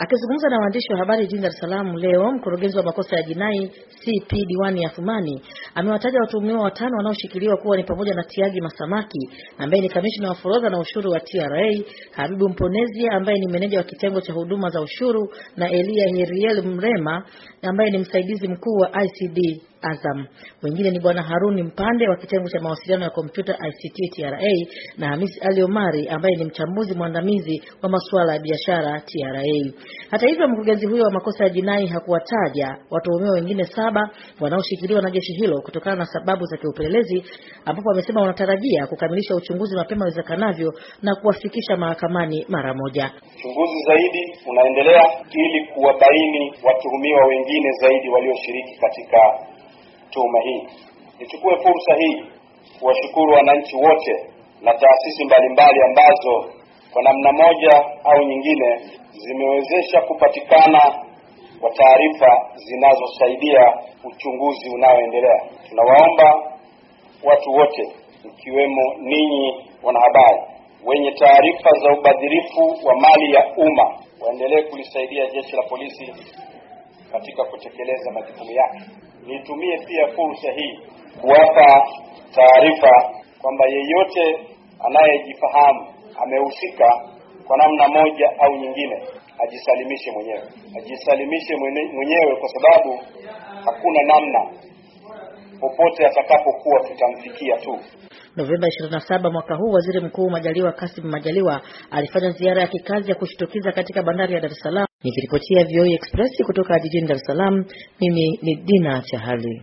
Akizungumza na waandishi wa habari jijini Dar es Salaam leo, mkurugenzi wa makosa ya jinai CP Diwani Athumani amewataja watuhumiwa watano wanaoshikiliwa kuwa ni pamoja na Tiagi Masamaki ambaye ni kamishna wa forodha na ushuru wa TRA, Habibu Mponezia ambaye ni meneja wa kitengo cha huduma za ushuru na Elia heriel Mrema ambaye ni msaidizi mkuu wa ICD Azam. Wengine ni Bwana Haruni Mpande wa kitengo cha mawasiliano ya kompyuta ICT TRA na hamis Ali Omari ambaye ni mchambuzi mwandamizi wa masuala ya biashara TRA. Hata hivyo, mkurugenzi huyo wa makosa ya jinai hakuwataja watuhumiwa wengine saba wanaoshikiliwa na jeshi hilo kutokana na sababu za kiupelelezi, ambapo wamesema wanatarajia kukamilisha uchunguzi mapema iwezekanavyo na kuwafikisha mahakamani mara moja. Uchunguzi zaidi unaendelea ili kuwabaini watuhumiwa wengine zaidi walioshiriki katika tuma hii. Nichukue fursa hii kuwashukuru wananchi wote na taasisi mbalimbali ambazo kwa namna moja au nyingine zimewezesha kupatikana kwa taarifa zinazosaidia uchunguzi unaoendelea. Tunawaomba watu wote ikiwemo ninyi wanahabari wenye taarifa za ubadhirifu wa mali ya umma waendelee kulisaidia jeshi la polisi katika kutekeleza majukumu yake nitumie pia fursa hii kuwapa taarifa kwamba yeyote anayejifahamu amehusika kwa namna moja au nyingine ajisalimishe mwenyewe, ajisalimishe mwenyewe, kwa sababu hakuna namna popote atakapokuwa tutamfikia tu. Novemba 27 mwaka huu, Waziri Mkuu Majaliwa Kassim Majaliwa alifanya ziara ya kikazi ya kushtukiza katika bandari ya Dar es Salaam. Nikiripotia VOA e Express kutoka jijini Dar es Salaam, mimi ni Dina Chahali.